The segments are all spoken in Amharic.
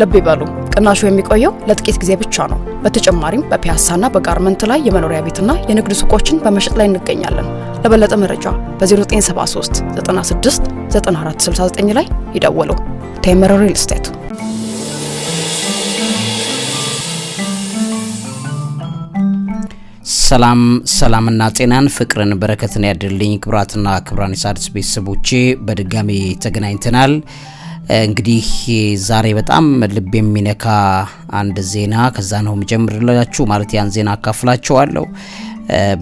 ልብ ይበሉ ቅናሹ የሚቆየው ለጥቂት ጊዜ ብቻ ነው። በተጨማሪም በፒያሳና በጋርመንት ላይ የመኖሪያ ቤትና የንግድ ሱቆችን በመሸጥ ላይ እንገኛለን። ለበለጠ መረጃ በ0973 96 9469 ላይ ይደውሉ። ቴምር ሪል ስቴት ሰላም ሰላምና ጤናን ፍቅርን በረከትን ያድልኝ። ክብራትና ክብራን የሣድስ ቤተሰቦቼ በድጋሚ ተገናኝተናል። እንግዲህ ዛሬ በጣም ልብ የሚነካ አንድ ዜና ከዛ ነው የምጀምርላችሁ። ማለት ያን ዜና አካፍላችኋለሁ።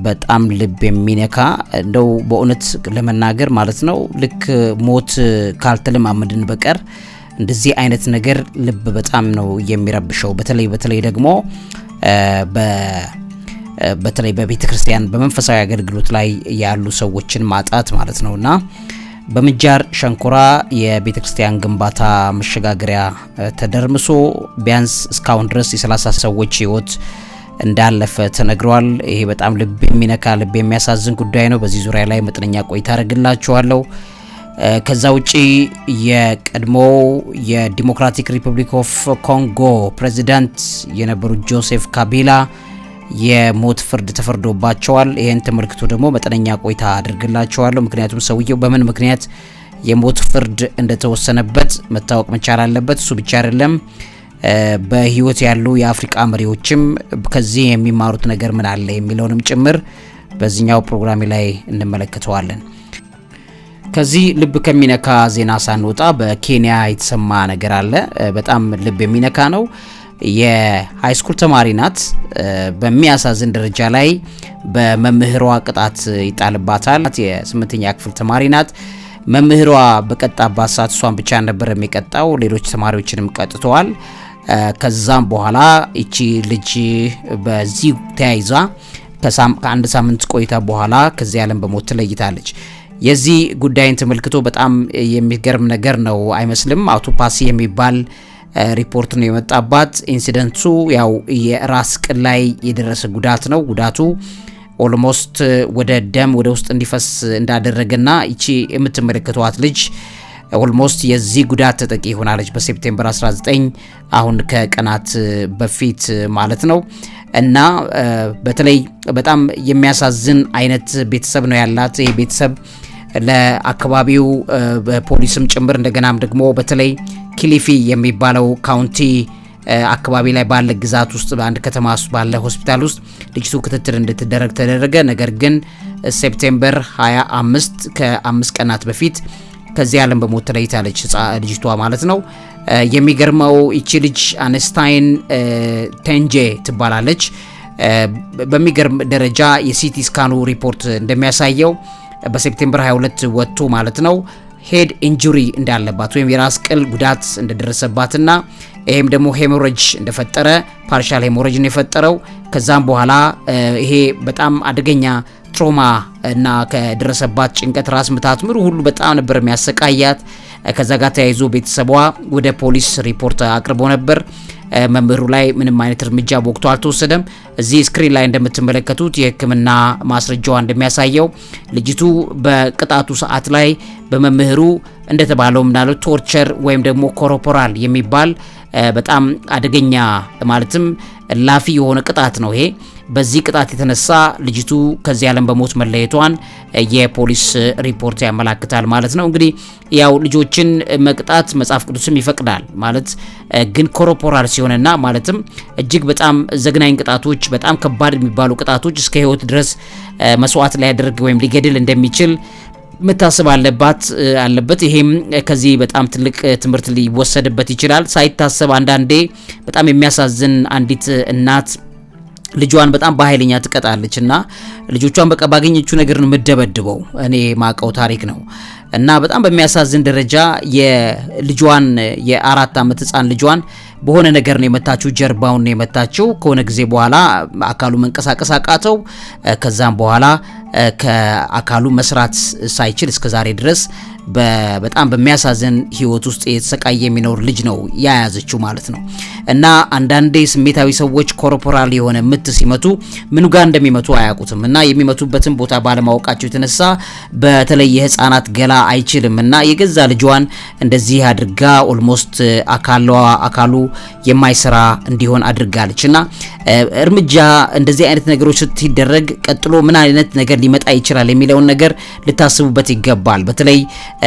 በጣም ልብ የሚነካ እንደው በእውነት ለመናገር ማለት ነው ልክ ሞት ካልተለማመድን በቀር እንደዚህ አይነት ነገር ልብ በጣም ነው የሚረብሸው። በተለይ በተለይ ደግሞ በ በተለይ በቤተ ክርስቲያን በመንፈሳዊ አገልግሎት ላይ ያሉ ሰዎችን ማጣት ማለት ነውና በምጃር ሸንኮራ የቤተ ክርስቲያን ግንባታ መሸጋገሪያ ተደርምሶ ቢያንስ እስካሁን ድረስ የ30 ሰዎች ህይወት እንዳለፈ ተነግሯል። ይሄ በጣም ልብ የሚነካ ልብ የሚያሳዝን ጉዳይ ነው። በዚህ ዙሪያ ላይ መጠነኛ ቆይታ አደርግላችኋለሁ። ከዛ ውጪ የቀድሞ የዲሞክራቲክ ሪፐብሊክ ኦፍ ኮንጎ ፕሬዚዳንት የነበሩት ጆሴፍ ካቢላ የሞት ፍርድ ተፈርዶባቸዋል። ይህን ተመልክቶ ደግሞ መጠነኛ ቆይታ አድርግላቸዋለሁ። ምክንያቱም ሰውየው በምን ምክንያት የሞት ፍርድ እንደተወሰነበት መታወቅ መቻል አለበት። እሱ ብቻ አይደለም፣ በህይወት ያሉ የአፍሪቃ መሪዎችም ከዚህ የሚማሩት ነገር ምን አለ የሚለውንም ጭምር በዚህኛው ፕሮግራሜ ላይ እንመለከተዋለን። ከዚህ ልብ ከሚነካ ዜና ሳንወጣ በኬንያ የተሰማ ነገር አለ። በጣም ልብ የሚነካ ነው። የሃይስኩል ተማሪ ናት። በሚያሳዝን ደረጃ ላይ በመምህሯ ቅጣት ይጣልባታል። የስምንተኛ ክፍል ተማሪ ናት። መምህሯ በቀጣባት ሰዓት እሷን ብቻ ነበር የሚቀጣው፣ ሌሎች ተማሪዎችንም ቀጥተዋል። ከዛም በኋላ እቺ ልጅ በዚህ ተያይዛ ከአንድ ሳምንት ቆይታ በኋላ ከዚህ ዓለም በሞት ትለይታለች። የዚህ ጉዳይን ተመልክቶ በጣም የሚገርም ነገር ነው አይመስልም? አውቶፓሲ የሚባል ሪፖርት ነው የመጣባት። ኢንሲደንቱ ያው የራስ ቅል ላይ የደረሰ ጉዳት ነው። ጉዳቱ ኦልሞስት ወደ ደም ወደ ውስጥ እንዲፈስ እንዳደረገና ይቺ የምትመለከቷት ልጅ ኦልሞስት የዚህ ጉዳት ተጠቂ ሆናለች። በሴፕቴምበር 19 አሁን ከቀናት በፊት ማለት ነው። እና በተለይ በጣም የሚያሳዝን አይነት ቤተሰብ ነው ያላት። ይሄ ቤተሰብ ለአካባቢው በፖሊስም ጭምር እንደገናም ደግሞ በተለይ ኪሊፊ የሚባለው ካውንቲ አካባቢ ላይ ባለ ግዛት ውስጥ በአንድ ከተማ ውስጥ ባለ ሆስፒታል ውስጥ ልጅቱ ክትትል እንድትደረግ ተደረገ። ነገር ግን ሴፕቴምበር 25 ከአምስት ቀናት በፊት ከዚህ ዓለም በሞት ተለይታለች ልጅቷ ማለት ነው። የሚገርመው ይቺ ልጅ አነስታይን ቴንጄ ትባላለች። በሚገርም ደረጃ የሲቲ ስካኑ ሪፖርት እንደሚያሳየው በሴፕቴምበር 22 ወጥቶ ማለት ነው ሄድ ኢንጁሪ እንዳለባት ወይም የራስ ቅል ጉዳት እንደደረሰባትና ይሄም ደግሞ ሄሞሮጅ እንደፈጠረ ፓርሻል ሄሞሮጅ ነው የፈጠረው። ከዛም በኋላ ይሄ በጣም አደገኛ ትሮማ እና ከደረሰባት ጭንቀት፣ ራስ ምታት፣ ምሩ ሁሉ በጣም ነበር የሚያሰቃያት። ከዛ ጋር ተያይዞ ቤተሰቧ ወደ ፖሊስ ሪፖርት አቅርቦ ነበር። መምህሩ ላይ ምንም አይነት እርምጃ በወቅቱ አልተወሰደም። እዚህ ስክሪን ላይ እንደምትመለከቱት የሕክምና ማስረጃዋ እንደሚያሳየው ልጅቱ በቅጣቱ ሰዓት ላይ በመምህሩ እንደተባለው ምናለው ቶርቸር ወይም ደግሞ ኮሮፖራል የሚባል በጣም አደገኛ ማለትም ላፊ የሆነ ቅጣት ነው ይሄ። በዚህ ቅጣት የተነሳ ልጅቱ ከዚህ ዓለም በሞት መለየቷን የፖሊስ ሪፖርት ያመላክታል ማለት ነው። እንግዲህ ያው ልጆችን መቅጣት መጽሐፍ ቅዱስም ይፈቅዳል ማለት ግን ኮሮፖራል ሲሆንና ማለትም እጅግ በጣም ዘግናኝ ቅጣቶች፣ በጣም ከባድ የሚባሉ ቅጣቶች እስከ ሕይወት ድረስ መስዋዕት ሊያደርግ ወይም ሊገድል እንደሚችል መታሰብ አለባት አለበት። ይሄም ከዚህ በጣም ትልቅ ትምህርት ሊወሰድበት ይችላል። ሳይታሰብ አንዳንዴ በጣም የሚያሳዝን አንዲት እናት ልጇን በጣም በኃይለኛ ትቀጣለች እና ልጆቿን በቃ ባገኘችው ነገር ነው የምደበድበው። እኔ ማቀው ታሪክ ነው እና በጣም በሚያሳዝን ደረጃ የልጇን የአራት ዓመት ህፃን ልጇን በሆነ ነገር ነው የመታችው። ጀርባውን ነው የመታችው። ከሆነ ጊዜ በኋላ አካሉ መንቀሳቀስ አቃተው። ከዛም በኋላ ከአካሉ መስራት ሳይችል እስከ ዛሬ ድረስ በጣም በሚያሳዝን ህይወት ውስጥ የተሰቃየ የሚኖር ልጅ ነው ያያዘችው ማለት ነው። እና አንዳንዴ ስሜታዊ ሰዎች ኮርፖራል የሆነ ምት ሲመቱ ምን ጋር እንደሚመቱ አያውቁትም እና የሚመቱበትን ቦታ ባለማወቃቸው የተነሳ በተለይ የህፃናት ገላ አይችልም እና የገዛ ልጇን እንደዚህ አድርጋ ኦልሞስት አካሏ አካሉ የማይሰራ እንዲሆን አድርጋለች እና እርምጃ እንደዚህ አይነት ነገሮች ስትደረግ ቀጥሎ ምን አይነት ነገር ሊመጣ ይችላል የሚለውን ነገር ልታስቡበት ይገባል። በተለይ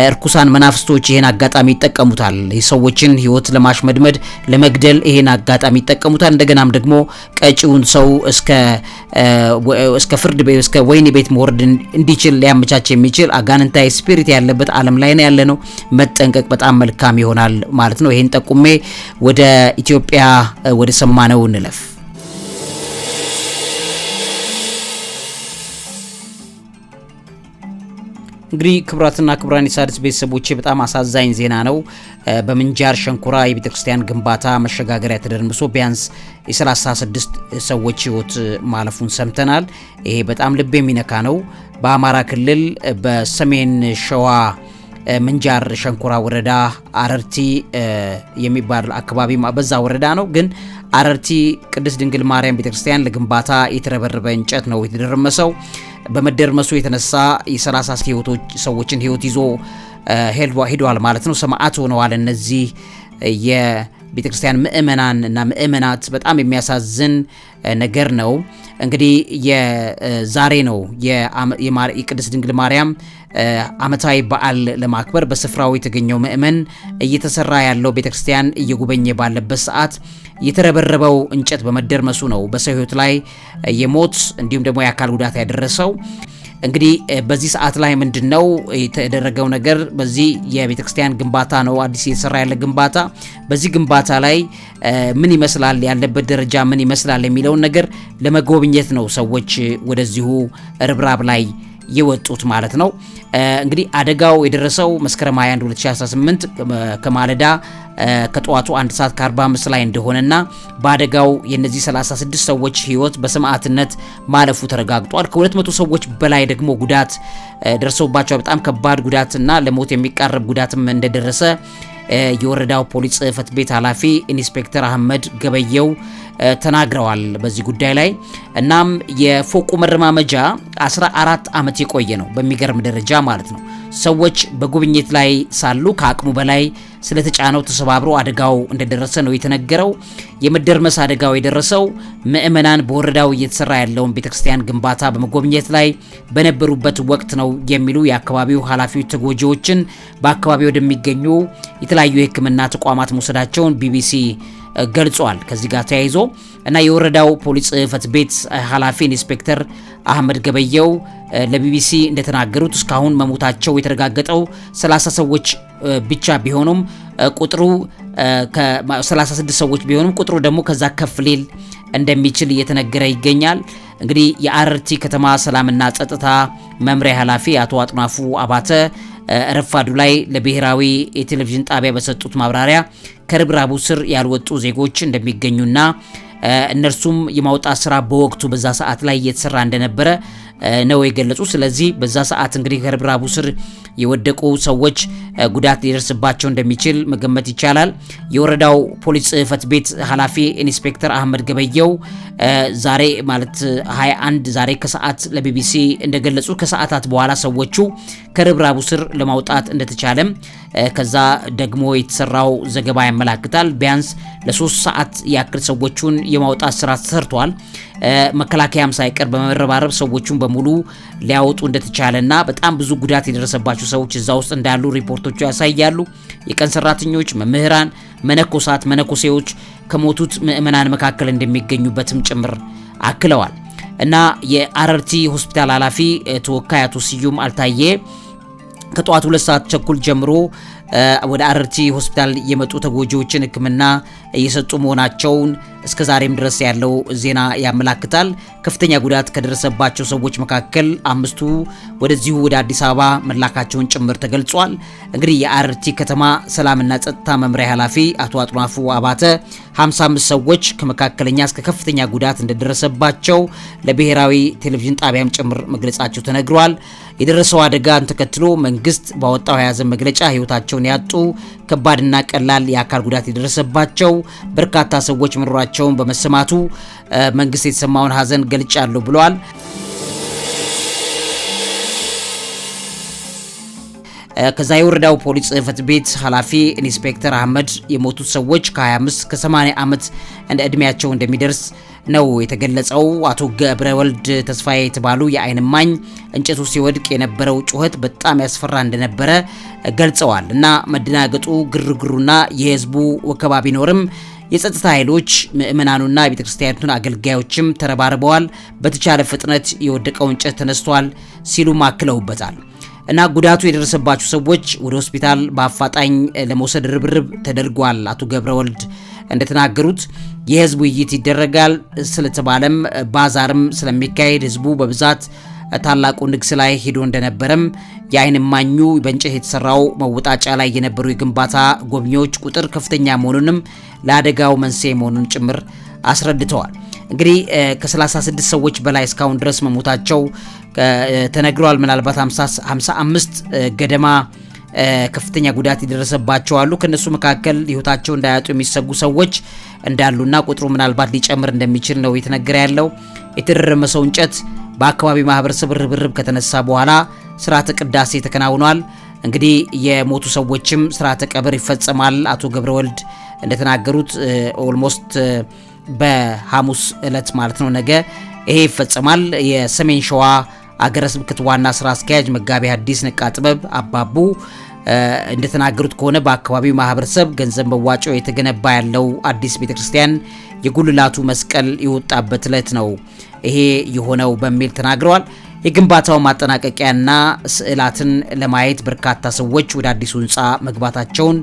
እርኩሳን መናፍስቶች ይህን አጋጣሚ ይጠቀሙታል። የሰዎችን ሕይወት ለማሽመድመድ ለመግደል ይህን አጋጣሚ ይጠቀሙታል። እንደገናም ደግሞ ቀጪውን ሰው እስከ እስከ ፍርድ ቤት እስከ ወይኒ ቤት መውረድ እንዲችል ሊያመቻች የሚችል አጋንንታዊ ስፒሪት ያለበት ዓለም ላይ ነው ያለ ነው። መጠንቀቅ በጣም መልካም ይሆናል ማለት ነው። ይህን ጠቁሜ ወደ ኢትዮጵያ ወደ ሰማነው እንለፍ። እንግዲህ ክቡራትና ክቡራን የሣድስ ቤተሰቦቼ በጣም አሳዛኝ ዜና ነው። በምንጃር ሸንኮራ የቤተ ክርስቲያን ግንባታ መሸጋገሪያ ተደርምሶ ቢያንስ የ36 ሰዎች ሕይወት ማለፉን ሰምተናል። ይሄ በጣም ልብ የሚነካ ነው። በአማራ ክልል በሰሜን ሸዋ ምንጃር ሸንኮራ ወረዳ አረርቲ የሚባል አካባቢ በዛ ወረዳ ነው። ግን አረርቲ ቅድስት ድንግል ማርያም ቤተክርስቲያን ለግንባታ የተረበረበ እንጨት ነው የተደረመሰው። በመደርመሱ የተነሳ የ30 ህይወቶች ሰዎችን ህይወት ይዞ ሄዷል ማለት ነው። ሰማዕት ሆነዋል እነዚህ የቤተክርስቲያን ምእመናን እና ምእመናት። በጣም የሚያሳዝን ነገር ነው። እንግዲህ የዛሬ ነው የቅድስት ድንግል ማርያም ዓመታዊ በዓል ለማክበር በስፍራው የተገኘው ምእመን እየተሰራ ያለው ቤተክርስቲያን እየጎበኘ ባለበት ሰዓት የተረበረበው እንጨት በመደርመሱ ነው በሰው ሕይወት ላይ የሞት እንዲሁም ደግሞ የአካል ጉዳት ያደረሰው። እንግዲህ በዚህ ሰዓት ላይ ምንድን ነው የተደረገው ነገር? በዚህ የቤተ ክርስቲያን ግንባታ ነው፣ አዲስ እየተሰራ ያለ ግንባታ። በዚህ ግንባታ ላይ ምን ይመስላል፣ ያለበት ደረጃ ምን ይመስላል የሚለውን ነገር ለመጎብኘት ነው ሰዎች ወደዚሁ ርብራብ ላይ የወጡት ማለት ነው። እንግዲህ አደጋው የደረሰው መስከረም 21 2018 ከማለዳ ከጠዋቱ 1 ሰዓት ከ45 ላይ እንደሆነና በአደጋው የነዚህ 36 ሰዎች ህይወት በሰማዕትነት ማለፉ ተረጋግጧል። ከ200 ሰዎች በላይ ደግሞ ጉዳት ደርሰውባቸዋል። በጣም ከባድ ጉዳትና ለሞት የሚቃረብ ጉዳትም እንደደረሰ የወረዳው ፖሊስ ጽህፈት ቤት ኃላፊ ኢንስፔክተር አህመድ ገበየው ተናግረዋል በዚህ ጉዳይ ላይ። እናም የፎቁ መረማመጃ 14 ዓመት የቆየ ነው በሚገርም ደረጃ ማለት ነው። ሰዎች በጉብኝት ላይ ሳሉ ከአቅሙ በላይ ስለተጫነው ተሰባብሮ አደጋው እንደደረሰ ነው የተነገረው። የመደርመስ አደጋው የደረሰው ምዕመናን በወረዳው እየተሰራ ያለውን ቤተክርስቲያን ግንባታ በመጎብኘት ላይ በነበሩበት ወቅት ነው የሚሉ የአካባቢው ኃላፊዎች ተጎጂዎችን በአካባቢው ወደሚገኙ የተለያዩ የሕክምና ተቋማት መውሰዳቸውን ቢቢሲ ገልጿል። ከዚህ ጋር ተያይዞ እና የወረዳው ፖሊስ ጽህፈት ቤት ኃላፊ ኢንስፔክተር አህመድ ገበየው ለቢቢሲ እንደተናገሩት እስካሁን መሞታቸው የተረጋገጠው 30 ሰዎች ብቻ ቢሆኑም ቁጥሩ 36 ሰዎች ቢሆኑም ቁጥሩ ደግሞ ከዛ ከፍ ሊል እንደሚችል እየተነገረ ይገኛል። እንግዲህ የአረርቲ ከተማ ሰላምና ጸጥታ መምሪያ ኃላፊ አቶ አጥናፉ አባተ ረፋዱ ላይ ለብሔራዊ የቴሌቪዥን ጣቢያ በሰጡት ማብራሪያ ከርብራቡ ስር ያልወጡ ዜጎች እንደሚገኙና እነርሱም የማውጣት ስራ በወቅቱ በዛ ሰዓት ላይ እየተሰራ እንደነበረ ነው የገለጹ። ስለዚህ በዛ ሰዓት እንግዲህ ከርብራቡ ስር የወደቁ ሰዎች ጉዳት ሊደርስባቸው እንደሚችል መገመት ይቻላል። የወረዳው ፖሊስ ጽህፈት ቤት ኃላፊ ኢንስፔክተር አህመድ ገበየው ዛሬ ማለት 21 ዛሬ ከሰዓት ለቢቢሲ እንደገለጹ ከሰዓታት በኋላ ሰዎቹ ከርብራቡ ስር ለማውጣት እንደተቻለም ከዛ ደግሞ የተሰራው ዘገባ ያመላክታል። ቢያንስ ለሶስት ሰዓት ያክል ሰዎቹን የማውጣት ስራ ተሰርቷል። መከላከያም ሳይቀር በመረባረብ ሰዎቹን በሙሉ ሊያወጡ እንደተቻለና በጣም ብዙ ጉዳት የደረሰባቸው ሰዎች እዛ ውስጥ እንዳሉ ሪፖርቶቹ ያሳያሉ። የቀን ሰራተኞች፣ መምህራን፣ መነኮሳት፣ መነኮሴዎች ከሞቱት ምእመናን መካከል እንደሚገኙበትም ጭምር አክለዋል። እና የአረርቲ ሆስፒታል ኃላፊ ተወካይ አቶ ስዩም አልታየ ከጠዋት ሁለት ሰዓት ቸኩል ጀምሮ ወደ አረርቲ ሆስፒታል የመጡ ተጎጂዎችን ሕክምና እየሰጡ መሆናቸውን እስከ ዛሬም ድረስ ያለው ዜና ያመላክታል። ከፍተኛ ጉዳት ከደረሰባቸው ሰዎች መካከል አምስቱ ወደዚሁ ወደ አዲስ አበባ መላካቸውን ጭምር ተገልጿል። እንግዲህ የአረርቲ ከተማ ሰላምና ጸጥታ መምሪያ ኃላፊ አቶ አጥናፉ አባተ 55 ሰዎች ከመካከለኛ እስከ ከፍተኛ ጉዳት እንደደረሰባቸው ለብሔራዊ ቴሌቪዥን ጣቢያም ጭምር መግለጻቸው ተነግሯል። የደረሰው አደጋን ተከትሎ መንግስት ባወጣው የያዘ መግለጫ ህይወታቸው ሕይወታቸውን ያጡ፣ ከባድና ቀላል የአካል ጉዳት የደረሰባቸው በርካታ ሰዎች መኖራቸውን በመሰማቱ መንግስት የተሰማውን ሀዘን ገልጫለሁ ብለዋል። ከዛ የወረዳው ፖሊስ ጽህፈት ቤት ኃላፊ ኢንስፔክተር አህመድ የሞቱት ሰዎች ከ25 እስከ 80 ዓመት እንደ ዕድሜያቸው እንደሚደርስ ነው የተገለጸው። አቶ ገብረ ወልድ ተስፋዬ የተባሉ የአይን እማኝ እንጨቱ ሲወድቅ የነበረው ጩኸት በጣም ያስፈራ እንደነበረ ገልጸዋል። እና መደናገጡ ግርግሩና የህዝቡ ወከባ ቢኖርም የጸጥታ ኃይሎች ምእመናኑና የቤተ ክርስቲያኒቱን አገልጋዮችም ተረባርበዋል። በተቻለ ፍጥነት የወደቀው እንጨት ተነስቷል ሲሉ ማክለውበታል። እና ጉዳቱ የደረሰባቸው ሰዎች ወደ ሆስፒታል በአፋጣኝ ለመውሰድ ርብርብ ተደርጓል። አቶ ገብረወልድ እንደተናገሩት የህዝብ ውይይት ይደረጋል ስለተባለም ባዛርም ስለሚካሄድ ህዝቡ በብዛት ታላቁ ንግስ ላይ ሄዶ እንደነበረም የአይን ማኙ በእንጨት የተሰራው መወጣጫ ላይ የነበሩ የግንባታ ጎብኚዎች ቁጥር ከፍተኛ መሆኑንም ለአደጋው መንስኤ መሆኑን ጭምር አስረድተዋል። እንግዲህ ከ36 ሰዎች በላይ እስካሁን ድረስ መሞታቸው ተነግረዋል። ምናልባት 55 ገደማ ከፍተኛ ጉዳት የደረሰባቸው አሉ። ከነሱ መካከል ህይወታቸው እንዳያጡ የሚሰጉ ሰዎች እንዳሉና ቁጥሩ ምናልባት ሊጨምር እንደሚችል ነው የተነገረ ያለው። የተደረመሰው እንጨት በአካባቢ ማህበረሰብ ርብርብ ከተነሳ በኋላ ስርዓተ ቅዳሴ ተከናውኗል። እንግዲህ የሞቱ ሰዎችም ስርዓተ ቀብር ይፈጸማል። አቶ ገብረወልድ እንደተናገሩት ኦልሞስት በሐሙስ ዕለት ማለት ነው ነገ ይሄ ይፈጸማል። የሰሜን ሸዋ አገረ ስብከት ዋና ስራ አስኪያጅ መጋቢ ሐዲስ ነቃ ጥበብ አባቡ እንደተናገሩት ከሆነ በአካባቢው ማህበረሰብ ገንዘብ መዋጮ የተገነባ ያለው አዲስ ቤተክርስቲያን የጉልላቱ መስቀል የወጣበት ዕለት ነው ይሄ የሆነው በሚል ተናግረዋል። የግንባታው ማጠናቀቂያና ስዕላትን ለማየት በርካታ ሰዎች ወደ አዲሱ ህንፃ መግባታቸውን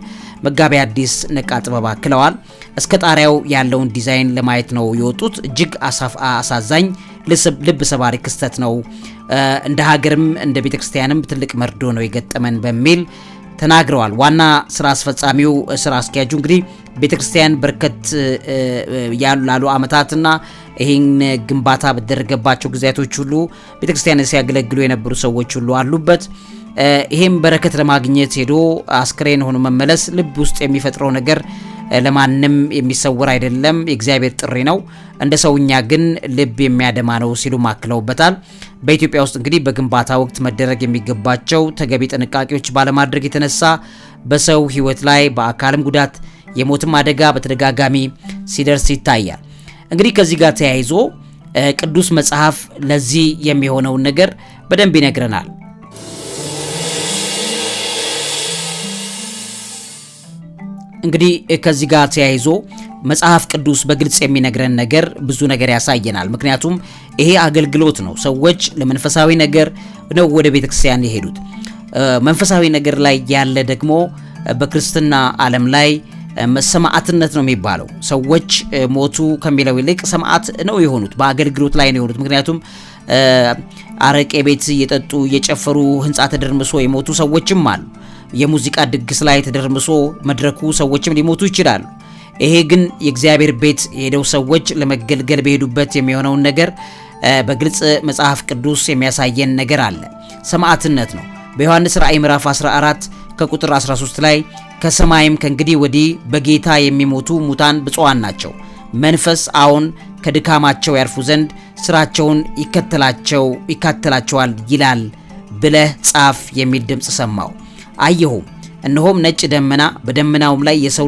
መጋቢ ሐዲስ ነቃ ጥበብ አክለዋል። እስከ ጣሪያው ያለውን ዲዛይን ለማየት ነው የወጡት። እጅግ አሳዛኝ ልብ ሰባሪ ክስተት ነው፣ እንደ ሀገርም እንደ ቤተ ክርስቲያንም ትልቅ መርዶ ነው የገጠመን በሚል ተናግረዋል። ዋና ስራ አስፈጻሚው ስራ አስኪያጁ እንግዲህ ቤተ ክርስቲያን በርከት ላሉ አመታትና ይህን ግንባታ በተደረገባቸው ጊዜያቶች ሁሉ ቤተ ክርስቲያን ሲያገለግሉ የነበሩ ሰዎች ሁሉ አሉበት። ይህም በረከት ለማግኘት ሄዶ አስክሬን ሆኖ መመለስ ልብ ውስጥ የሚፈጥረው ነገር ለማንም የሚሰውር አይደለም፣ የእግዚአብሔር ጥሪ ነው። እንደ ሰውኛ ግን ልብ የሚያደማ ነው ሲሉ ማክለውበታል። በኢትዮጵያ ውስጥ እንግዲህ በግንባታ ወቅት መደረግ የሚገባቸው ተገቢ ጥንቃቄዎች ባለማድረግ የተነሳ በሰው ሕይወት ላይ በአካልም ጉዳት የሞትም አደጋ በተደጋጋሚ ሲደርስ ይታያል። እንግዲህ ከዚህ ጋር ተያይዞ ቅዱስ መጽሐፍ ለዚህ የሚሆነውን ነገር በደንብ ይነግረናል። እንግዲህ ከዚህ ጋር ተያይዞ መጽሐፍ ቅዱስ በግልጽ የሚነግረን ነገር ብዙ ነገር ያሳየናል። ምክንያቱም ይሄ አገልግሎት ነው። ሰዎች ለመንፈሳዊ ነገር ነው ወደ ቤተክርስቲያን የሄዱት። መንፈሳዊ ነገር ላይ ያለ ደግሞ በክርስትና ዓለም ላይ ሰማዕትነት ነው የሚባለው። ሰዎች ሞቱ ከሚለው ይልቅ ሰማዕት ነው የሆኑት፣ በአገልግሎት ላይ ነው የሆኑት። ምክንያቱም አረቄ ቤት እየጠጡ እየጨፈሩ ህንፃ ተደርምሶ የሞቱ ሰዎችም አሉ። የሙዚቃ ድግስ ላይ ተደርምሶ መድረኩ ሰዎችም ሊሞቱ ይችላሉ። ይሄ ግን የእግዚአብሔር ቤት ሄደው ሰዎች ለመገልገል በሄዱበት የሚሆነውን ነገር በግልጽ መጽሐፍ ቅዱስ የሚያሳየን ነገር አለ። ሰማዕትነት ነው። በዮሐንስ ራእይ ምዕራፍ 14 ከቁጥር 13 ላይ ከሰማይም ከእንግዲህ ወዲህ በጌታ የሚሞቱ ሙታን ብፁዓን ናቸው፣ መንፈስ አዎን ከድካማቸው ያርፉ ዘንድ ስራቸውን ይከተላቸው ይካተላቸዋል ይላል ብለህ ጻፍ የሚል ድምፅ ሰማው። አየሁም፣ እነሆም ነጭ ደመና፣ በደመናውም ላይ የሰው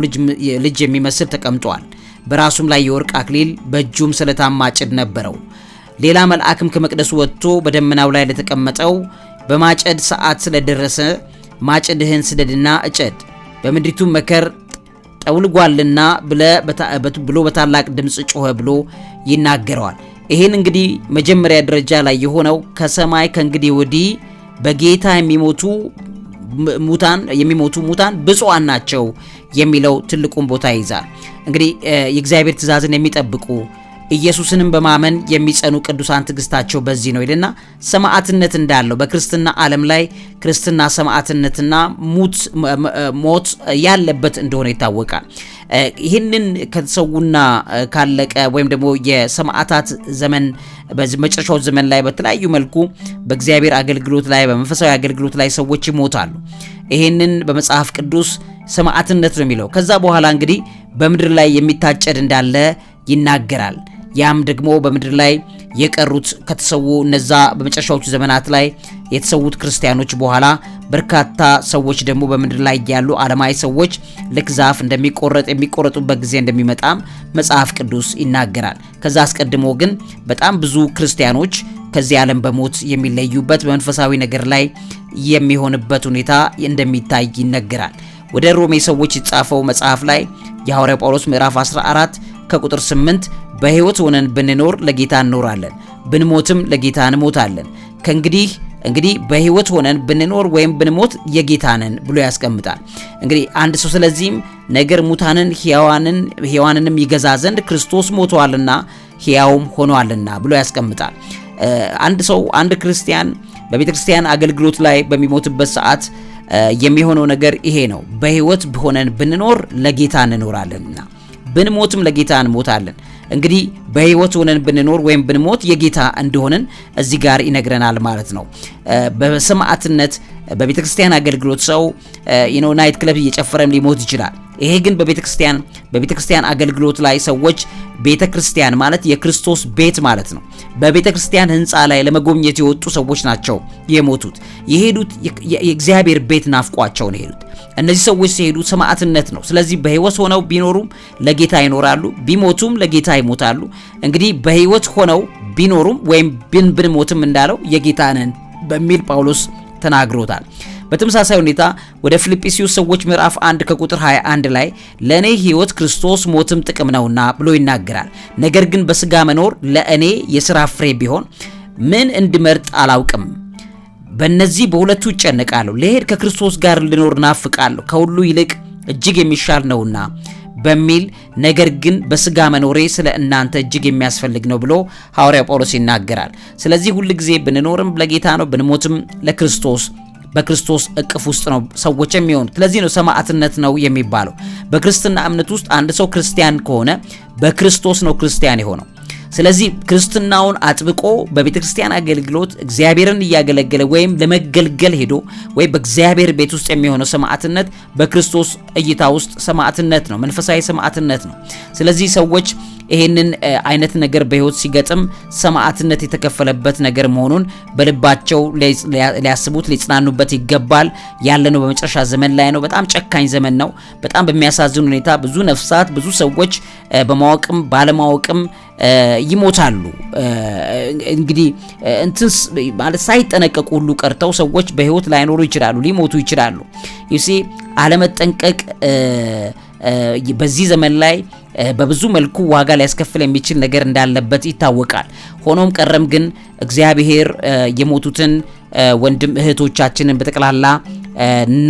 ልጅ የሚመስል ተቀምጧል። በራሱም ላይ የወርቅ አክሊል፣ በእጁም ስለታማ ጭድ ነበረው። ሌላ መልአክም ከመቅደሱ ወጥቶ በደመናው ላይ ለተቀመጠው በማጨድ ሰዓት ስለደረሰ ማጨድህን ስደድና እጨድ፣ በምድሪቱ መከር ጠውልጓልና ብሎ በታላቅ ድምፅ ጮኸ ብሎ ይናገረዋል። ይህን እንግዲህ መጀመሪያ ደረጃ ላይ የሆነው ከሰማይ ከእንግዲህ ወዲህ በጌታ የሚሞቱ ሙታን የሚሞቱ ሙታን ብፁዓን ናቸው የሚለው ትልቁን ቦታ ይይዛል። እንግዲህ የእግዚአብሔር ትእዛዝን የሚጠብቁ ኢየሱስንም በማመን የሚጸኑ ቅዱሳን ትዕግስታቸው በዚህ ነው ይልና ሰማዕትነት እንዳለው በክርስትና ዓለም ላይ ክርስትና ሰማዕትነትና ሞት ያለበት እንደሆነ ይታወቃል። ይህንን ከተሰውና ካለቀ ወይም ደግሞ የሰማዕታት ዘመን መጨረሻው ዘመን ላይ በተለያዩ መልኩ በእግዚአብሔር አገልግሎት ላይ በመንፈሳዊ አገልግሎት ላይ ሰዎች ይሞታሉ። ይህንን በመጽሐፍ ቅዱስ ሰማዕትነት ነው የሚለው። ከዛ በኋላ እንግዲህ በምድር ላይ የሚታጨድ እንዳለ ይናገራል። ያም ደግሞ በምድር ላይ የቀሩት ከተሰዉ እነዛ በመጨረሻዎቹ ዘመናት ላይ የተሰዉት ክርስቲያኖች በኋላ በርካታ ሰዎች ደግሞ በምድር ላይ ያሉ አለማዊ ሰዎች ልክ ዛፍ እንደሚቆረጥ የሚቆረጡበት ጊዜ እንደሚመጣም መጽሐፍ ቅዱስ ይናገራል። ከዛ አስቀድሞ ግን በጣም ብዙ ክርስቲያኖች ከዚህ ዓለም በሞት የሚለዩበት በመንፈሳዊ ነገር ላይ የሚሆንበት ሁኔታ እንደሚታይ ይነገራል። ወደ ሮሜ ሰዎች የተጻፈው መጽሐፍ ላይ የሐዋርያ ጳውሎስ ምዕራፍ 14 ከቁጥር 8 በሕይወት ሆነን ብንኖር ለጌታ እንኖራለን፣ ብንሞትም ለጌታ እንሞታለን። ከእንግዲህ እንግዲህ በሕይወት ሆነን ብንኖር ወይም ብንሞት የጌታ ነን ብሎ ያስቀምጣል። እንግዲህ አንድ ሰው ስለዚህም ነገር ሙታንን ሕያዋንን ሕያዋንንም ይገዛ ዘንድ ክርስቶስ ሞቷልና ሕያውም ሆኗልና ብሎ ያስቀምጣል። አንድ ሰው አንድ ክርስቲያን በቤተ ክርስቲያን አገልግሎት ላይ በሚሞትበት ሰዓት የሚሆነው ነገር ይሄ ነው። በሕይወት ሆነን ብንኖር ለጌታ እንኖራለንና ብንሞትም ለጌታ እንሞታለን። እንግዲህ በህይወት ሆነን ብንኖር ወይም ብንሞት የጌታ እንደሆንን እዚህ ጋር ይነግረናል ማለት ነው። በሰማዕትነት በቤተክርስቲያን አገልግሎት ሰው ናይት ክለብ እየጨፈረም ሊሞት ይችላል። ይሄ ግን በቤተ ክርስቲያን በቤተ ክርስቲያን አገልግሎት ላይ ሰዎች ቤተ ክርስቲያን ማለት የክርስቶስ ቤት ማለት ነው። በቤተ ክርስቲያን ሕንፃ ላይ ለመጎብኘት የወጡ ሰዎች ናቸው የሞቱት። የሄዱት የእግዚአብሔር ቤት ናፍቋቸው ነው የሄዱት። እነዚህ ሰዎች ሲሄዱ ሰማዕትነት ነው። ስለዚህ በሕይወት ሆነው ቢኖሩም ለጌታ ይኖራሉ፣ ቢሞቱም ለጌታ ይሞታሉ። እንግዲህ በሕይወት ሆነው ቢኖሩም ወይም ብን ብንሞትም እንዳለው የጌታ ነን በሚል ጳውሎስ ተናግሮታል። በተመሳሳይ ሁኔታ ወደ ፊልጵስዩስ ሰዎች ምዕራፍ 1 ከቁጥር 21 ላይ ለእኔ ሕይወት ክርስቶስ ሞትም ጥቅም ነውና ብሎ ይናገራል። ነገር ግን በስጋ መኖር ለእኔ የሥራ ፍሬ ቢሆን ምን እንድመርጥ አላውቅም። በእነዚህ በሁለቱ ይጨነቃለሁ። ልሄድ ከክርስቶስ ጋር ልኖር ናፍቃለሁ፣ ከሁሉ ይልቅ እጅግ የሚሻል ነውና በሚል ነገር ግን በስጋ መኖሬ ስለ እናንተ እጅግ የሚያስፈልግ ነው ብሎ ሐዋርያ ጳውሎስ ይናገራል። ስለዚህ ጊዜ ብንኖርም ለጌታ ነው፣ ብንሞትም ለክርስቶስ በክርስቶስ እቅፍ ውስጥ ነው ሰዎች የሚሆኑት። ስለዚህ ነው ሰማዕትነት ነው የሚባለው። በክርስትና እምነት ውስጥ አንድ ሰው ክርስቲያን ከሆነ በክርስቶስ ነው ክርስቲያን የሆነው። ስለዚህ ክርስትናውን አጥብቆ በቤተ ክርስቲያን አገልግሎት እግዚአብሔርን እያገለገለ ወይም ለመገልገል ሄዶ ወይም በእግዚአብሔር ቤት ውስጥ የሚሆነው ሰማዕትነት በክርስቶስ እይታ ውስጥ ሰማዕትነት ነው፣ መንፈሳዊ ሰማዕትነት ነው። ስለዚህ ሰዎች ይህንን አይነት ነገር በህይወት ሲገጥም ሰማዕትነት የተከፈለበት ነገር መሆኑን በልባቸው ሊያስቡት ሊጽናኑበት ይገባል። ያለነው በመጨረሻ ዘመን ላይ ነው። በጣም ጨካኝ ዘመን ነው። በጣም በሚያሳዝን ሁኔታ ብዙ ነፍሳት፣ ብዙ ሰዎች በማወቅም ባለማወቅም ይሞታሉ። እንግዲህ እንትን ማለት ሳይጠነቀቁ ሁሉ ቀርተው ሰዎች በህይወት ላይኖሩ ይችላሉ፣ ሊሞቱ ይችላሉ። ዩሲ አለመጠንቀቅ በዚህ ዘመን ላይ በብዙ መልኩ ዋጋ ሊያስከፍል የሚችል ነገር እንዳለበት ይታወቃል። ሆኖም ቀረም ግን እግዚአብሔር የሞቱትን ወንድም እህቶቻችንን በጠቅላላ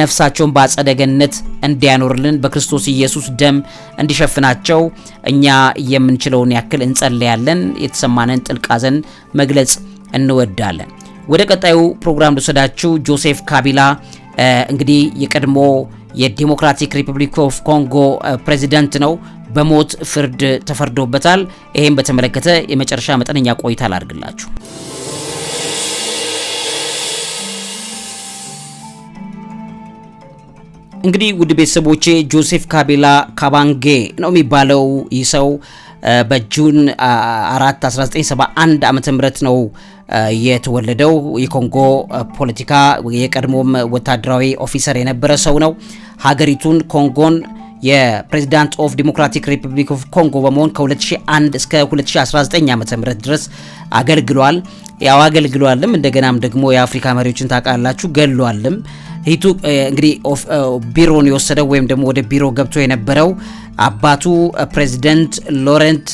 ነፍሳቸውን በአጸደ ገነት እንዲያኖርልን በክርስቶስ ኢየሱስ ደም እንዲሸፍናቸው እኛ የምንችለውን ያክል እንጸልያለን። የተሰማንን ጥልቅ ሐዘን መግለጽ እንወዳለን። ወደ ቀጣዩ ፕሮግራም ልውሰዳችሁ። ጆሴፍ ካቢላ እንግዲህ የቀድሞ የዲሞክራቲክ ሪፐብሊክ ኦፍ ኮንጎ ፕሬዚደንት ነው። በሞት ፍርድ ተፈርዶበታል። ይህም በተመለከተ የመጨረሻ መጠነኛ ቆይታ ላድርግላችሁ። እንግዲህ ውድ ቤተሰቦቼ ጆሴፍ ካቢላ ካባንጌ ነው የሚባለው ይህ ሰው በጁን 4 1971 ዓ ም ነው የተወለደው። የኮንጎ ፖለቲካ የቀድሞም ወታደራዊ ኦፊሰር የነበረ ሰው ነው። ሀገሪቱን ኮንጎን የፕሬዝዳንት ኦፍ ዲሞክራቲክ ሪፐብሊክ ኦፍ ኮንጎ በመሆን ከ2001 እስከ 2019 ም ድረስ አገልግሏል። ያው አገልግሏልም እንደገናም ደግሞ የአፍሪካ መሪዎችን ታውቃላችሁ ገሏልም። ሂቱ እንግዲህ ቢሮን የወሰደው ወይም ደግሞ ወደ ቢሮ ገብቶ የነበረው አባቱ ፕሬዚደንት ሎረንት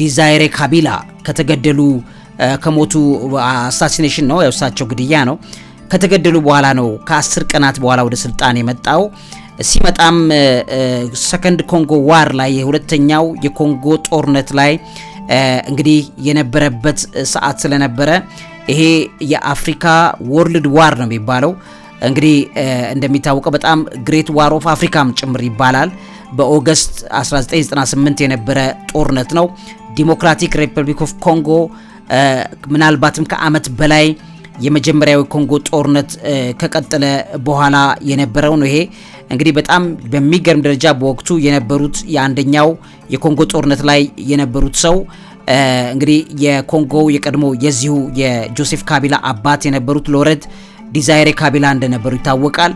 ዲዛይሬ ካቢላ ከተገደሉ ከሞቱ አሳሲኔሽን ነው የውሳቸው ግድያ ነው ከተገደሉ በኋላ ነው ከአስር ቀናት በኋላ ወደ ስልጣን የመጣው። ሲመጣም ሰከንድ ኮንጎ ዋር ላይ የሁለተኛው የኮንጎ ጦርነት ላይ እንግዲህ የነበረበት ሰዓት ስለነበረ ይሄ የአፍሪካ ወርልድ ዋር ነው የሚባለው። እንግዲህ እንደሚታወቀው በጣም ግሬት ዋር ኦፍ አፍሪካም ጭምር ይባላል። በኦገስት 1998 የነበረ ጦርነት ነው። ዲሞክራቲክ ሪፐብሊክ ኦፍ ኮንጎ ምናልባትም ከዓመት በላይ የመጀመሪያው ኮንጎ ጦርነት ከቀጠለ በኋላ የነበረው ነው። ይሄ እንግዲህ በጣም በሚገርም ደረጃ በወቅቱ የነበሩት የአንደኛው የኮንጎ ጦርነት ላይ የነበሩት ሰው እንግዲህ የኮንጎ የቀድሞ የዚሁ የጆሴፍ ካቢላ አባት የነበሩት ሎሬት ዲዛይሬ ካቢላ እንደነበሩ ይታወቃል።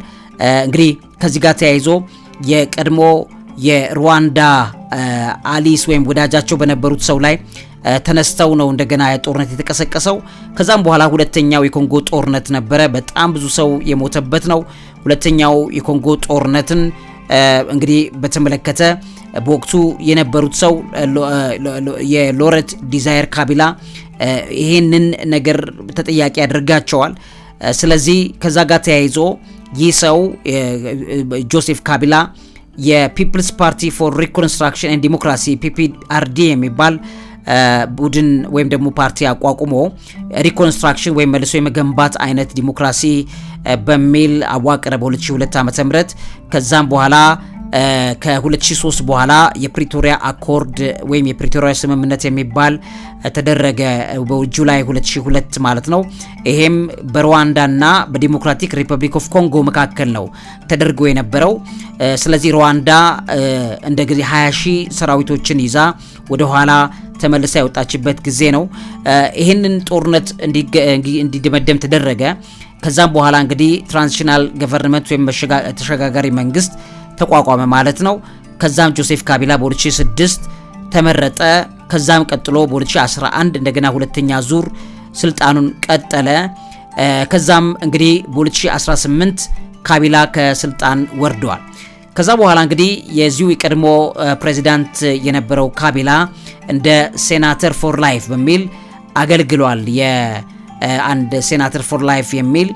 እንግዲህ ከዚህ ጋር ተያይዞ የቀድሞ የሩዋንዳ አሊስ ወይም ወዳጃቸው በነበሩት ሰው ላይ ተነስተው ነው እንደገና ጦርነት የተቀሰቀሰው። ከዛም በኋላ ሁለተኛው የኮንጎ ጦርነት ነበረ። በጣም ብዙ ሰው የሞተበት ነው። ሁለተኛው የኮንጎ ጦርነትን እንግዲህ በተመለከተ በወቅቱ የነበሩት ሰው የሎረት ዲዛይር ካቢላ ይሄንን ነገር ተጠያቂ ያደርጋቸዋል። ስለዚህ ከዛ ጋር ተያይዞ ይህ ሰው ጆሴፍ ካቢላ የፒፕልስ ፓርቲ ፎር ሪኮንስትራክሽን ኤንድ ዲሞክራሲ ፒፒአርዲ የሚባል ቡድን ወይም ደግሞ ፓርቲ አቋቁሞ ሪኮንስትራክሽን ወይም መልሶ የመገንባት አይነት ዲሞክራሲ በሚል አዋቀረ በ2002 ዓ.ም ከዛም በኋላ ከ2003 በኋላ የፕሪቶሪያ አኮርድ ወይም የፕሪቶሪያ ስምምነት የሚባል ተደረገ፣ በጁላይ 2002 ማለት ነው። ይሄም በሩዋንዳና በዲሞክራቲክ ሪፐብሊክ ኦፍ ኮንጎ መካከል ነው ተደርጎ የነበረው። ስለዚህ ሩዋንዳ ጊዜ 20 ሺህ ሰራዊቶችን ይዛ ወደ ኋላ ተመልሳ የወጣችበት ጊዜ ነው። ይህንን ጦርነት እንዲደመደም ተደረገ። ከዛም በኋላ እንግዲህ ትራንዚሽናል ገቨርንመንት ወይም ተሸጋጋሪ መንግስት ተቋቋመ ማለት ነው። ከዛም ጆሴፍ ካቢላ በ2006 ተመረጠ። ከዛም ቀጥሎ በ2011 እንደገና ሁለተኛ ዙር ስልጣኑን ቀጠለ። ከዛም እንግዲህ በ2018 ካቢላ ከስልጣን ወርደዋል። ከዛ በኋላ እንግዲህ የዚሁ የቀድሞ ፕሬዚዳንት የነበረው ካቢላ እንደ ሴናተር ፎር ላይፍ በሚል አገልግሏል። የአንድ ሴናተር ፎር ላይፍ የሚል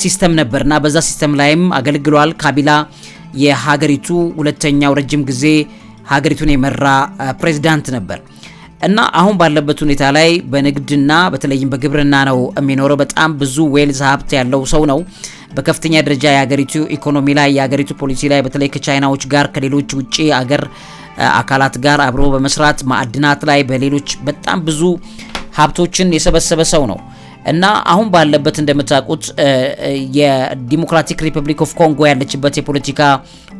ሲስተም ነበርና በዛ ሲስተም ላይም አገልግሏል ካቢላ የሀገሪቱ ሁለተኛው ረጅም ጊዜ ሀገሪቱን የመራ ፕሬዝዳንት ነበር እና አሁን ባለበት ሁኔታ ላይ በንግድና በተለይም በግብርና ነው የሚኖረው። በጣም ብዙ ዌልዝ ሀብት ያለው ሰው ነው። በከፍተኛ ደረጃ የሀገሪቱ ኢኮኖሚ ላይ የሀገሪቱ ፖሊሲ ላይ በተለይ ከቻይናዎች ጋር ከሌሎች ውጭ አገር አካላት ጋር አብሮ በመስራት ማዕድናት ላይ በሌሎች በጣም ብዙ ሀብቶችን የሰበሰበ ሰው ነው። እና አሁን ባለበት እንደምታውቁት የዲሞክራቲክ ሪፐብሊክ ኦፍ ኮንጎ ያለችበት የፖለቲካ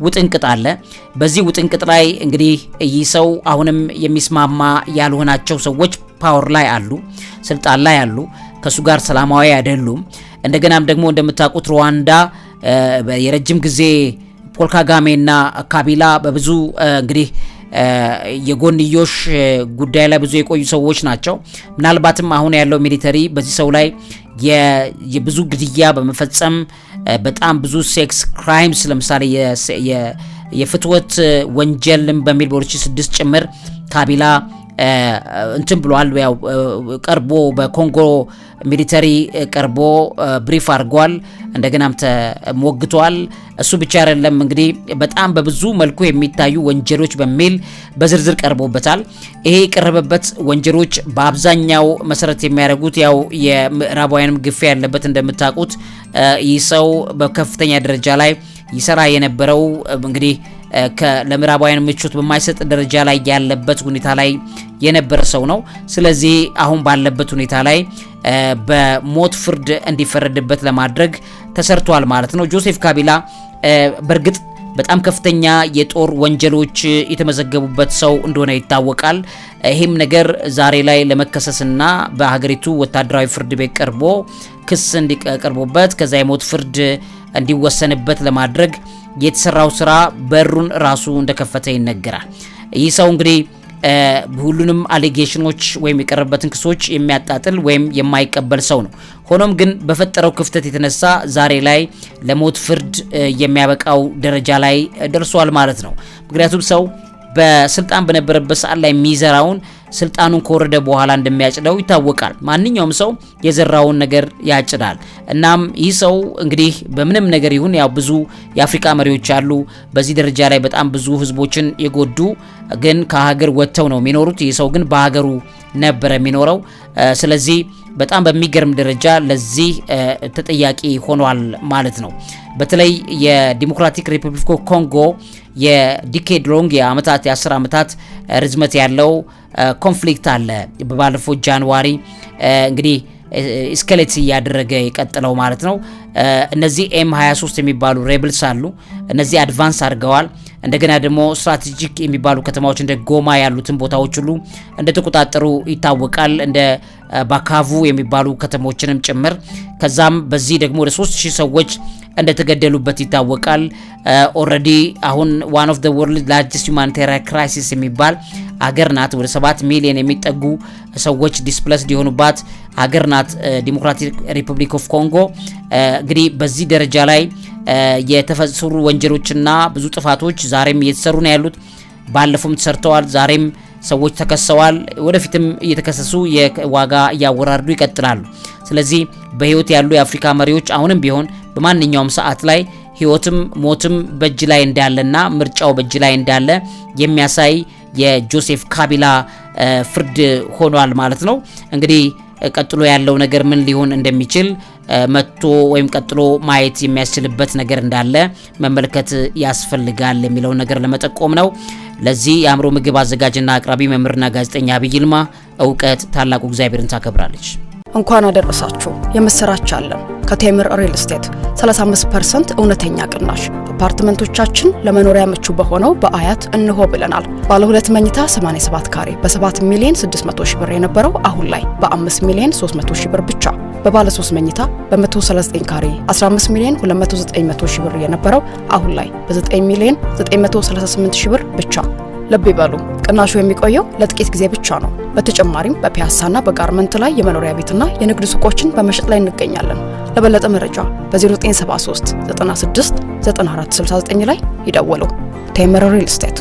ውጥንቅጥ አለ። በዚህ ውጥንቅጥ ላይ እንግዲህ ይህ ሰው አሁንም የሚስማማ ያልሆናቸው ሰዎች ፓወር ላይ አሉ፣ ስልጣን ላይ አሉ። ከእሱ ጋር ሰላማዊ አይደሉም። እንደገናም ደግሞ እንደምታውቁት ሩዋንዳ የረጅም ጊዜ ፖል ካጋሜና ካቢላ በብዙ እንግዲህ የጎንዮሽ ጉዳይ ላይ ብዙ የቆዩ ሰዎች ናቸው። ምናልባትም አሁን ያለው ሚሊተሪ በዚህ ሰው ላይ የብዙ ግድያ በመፈጸም በጣም ብዙ ሴክስ ክራይምስ ለምሳሌ የፍትወት ወንጀልን በሚል በ2006 ጭምር ካቢላ እንትን ብሏል። ያው ቀርቦ በኮንጎ ሚሊተሪ ቀርቦ ብሪፍ አድርጓል። እንደገናም ተሞግቷል። እሱ ብቻ አይደለም እንግዲህ በጣም በብዙ መልኩ የሚታዩ ወንጀሎች በሚል በዝርዝር ቀርቦበታል። ይሄ የቀረበበት ወንጀሎች በአብዛኛው መሰረት የሚያደርጉት ያው የምዕራባውያንም ግፊያ ያለበት እንደምታውቁት ይህ ሰው በከፍተኛ ደረጃ ላይ ይሰራ የነበረው እንግዲህ ለምዕራባውያን ምቾት በማይሰጥ ደረጃ ላይ ያለበት ሁኔታ ላይ የነበረ ሰው ነው። ስለዚህ አሁን ባለበት ሁኔታ ላይ በሞት ፍርድ እንዲፈረድበት ለማድረግ ተሰርቷል ማለት ነው። ጆሴፍ ካቢላ በእርግጥ በጣም ከፍተኛ የጦር ወንጀሎች የተመዘገቡበት ሰው እንደሆነ ይታወቃል። ይህም ነገር ዛሬ ላይ ለመከሰስና በሀገሪቱ ወታደራዊ ፍርድ ቤት ቀርቦ ክስ እንዲቀርቡበት ከዛ የሞት ፍርድ እንዲወሰንበት ለማድረግ የተሰራው ስራ በሩን ራሱ እንደከፈተ ይነገራል። ይህ ሰው እንግዲህ ሁሉንም አሌጌሽኖች ወይም የቀረበትን ክሶች የሚያጣጥል ወይም የማይቀበል ሰው ነው። ሆኖም ግን በፈጠረው ክፍተት የተነሳ ዛሬ ላይ ለሞት ፍርድ የሚያበቃው ደረጃ ላይ ደርሷል ማለት ነው። ምክንያቱም ሰው በስልጣን በነበረበት ሰዓት ላይ የሚዘራውን ስልጣኑን ከወረደ በኋላ እንደሚያጭደው ይታወቃል። ማንኛውም ሰው የዘራውን ነገር ያጭዳል። እናም ይህ ሰው እንግዲህ በምንም ነገር ይሁን ያው ብዙ የአፍሪካ መሪዎች አሉ። በዚህ ደረጃ ላይ በጣም ብዙ ህዝቦችን የጎዱ ግን ከሀገር ወጥተው ነው የሚኖሩት። ይህ ሰው ግን በሀገሩ ነበረ የሚኖረው። ስለዚህ በጣም በሚገርም ደረጃ ለዚህ ተጠያቂ ሆኗል ማለት ነው። በተለይ የዲሞክራቲክ ሪፐብሊክ ኮንጎ የዲኬድ ሎንግ የአመታት የ10 ዓመታት ርዝመት ያለው ኮንፍሊክት አለ። ባለፈው ጃንዋሪ እንግዲህ ስኬሌት እያደረገ የቀጠለው ማለት ነው። እነዚህ ኤም 23 የሚባሉ ሬብልስ አሉ። እነዚህ አድቫንስ አድርገዋል። እንደገና ደግሞ ስትራቴጂክ የሚባሉ ከተማዎች እንደ ጎማ ያሉትን ቦታዎች ሁሉ እንደተቆጣጠሩ ይታወቃል። እንደ ባካቡ የሚባሉ ከተሞችንም ጭምር ከዛም በዚህ ደግሞ ወደ 3000 ሰዎች እንደተገደሉበት ይታወቃል። ኦልሬዲ አሁን ዋን ኦፍ ዘ ወርልድ ላርጅስት ሁማኒታሪያን ክራይሲስ የሚባል አገር ናት። ወደ 7 ሚሊዮን የሚጠጉ ሰዎች ዲስፕለስ ሊሆኑባት አገር ናት ዲሞክራቲክ ሪፐብሊክ ኦፍ ኮንጎ። እንግዲህ በዚህ ደረጃ ላይ የተፈሰሩ ወንጀሎችና ብዙ ጥፋቶች ዛሬም እየተሰሩ ነው ያሉት። ባለፉም ተሰርተዋል። ዛሬም ሰዎች ተከሰዋል። ወደፊትም እየተከሰሱ ዋጋ እያወራርዱ ይቀጥላሉ። ስለዚህ በህይወት ያሉ የአፍሪካ መሪዎች አሁንም ቢሆን በማንኛውም ሰዓት ላይ ህይወትም ሞትም በእጅ ላይ እንዳለና ምርጫው በእጅ ላይ እንዳለ የሚያሳይ የጆሴፍ ካቢላ ፍርድ ሆኗል ማለት ነው። እንግዲህ ቀጥሎ ያለው ነገር ምን ሊሆን እንደሚችል መጥቶ ወይም ቀጥሎ ማየት የሚያስችልበት ነገር እንዳለ መመልከት ያስፈልጋል የሚለውን ነገር ለመጠቆም ነው። ለዚህ የአእምሮ ምግብ አዘጋጅና አቅራቢ መምህርና ጋዜጠኛ አብይ ይልማ እውቀት ታላቁ እግዚአብሔርን ታከብራለች። እንኳን አደረሳችሁ። የምስራች አለን ከቴምር ሪል ስቴት 35% እውነተኛ ቅናሽ አፓርትመንቶቻችን ለመኖሪያ ምቹ በሆነው በአያት እንሆ ብለናል። ባለ ሁለት መኝታ 87 ካሬ በ7 ሚሊዮን 600 ሺህ ብር የነበረው አሁን ላይ በ5 ሚሊዮን 300 ሺህ ብር ብቻ በባለ 3 መኝታ በ139 ካሬ 15 ሚሊዮን 290 ሺህ ብር የነበረው አሁን ላይ በ9 ሚሊዮን 938 ሺህ ብር ብቻ። ልብ ይበሉ፣ ቅናሹ የሚቆየው ለጥቂት ጊዜ ብቻ ነው። በተጨማሪም በፒያሳና በጋርመንት ላይ የመኖሪያ ቤትና የንግድ ሱቆችን በመሸጥ ላይ እንገኛለን። ለበለጠ መረጃ በ0973 96 9469 ላይ ይደውሉ። ቴምር ሪል ስቴት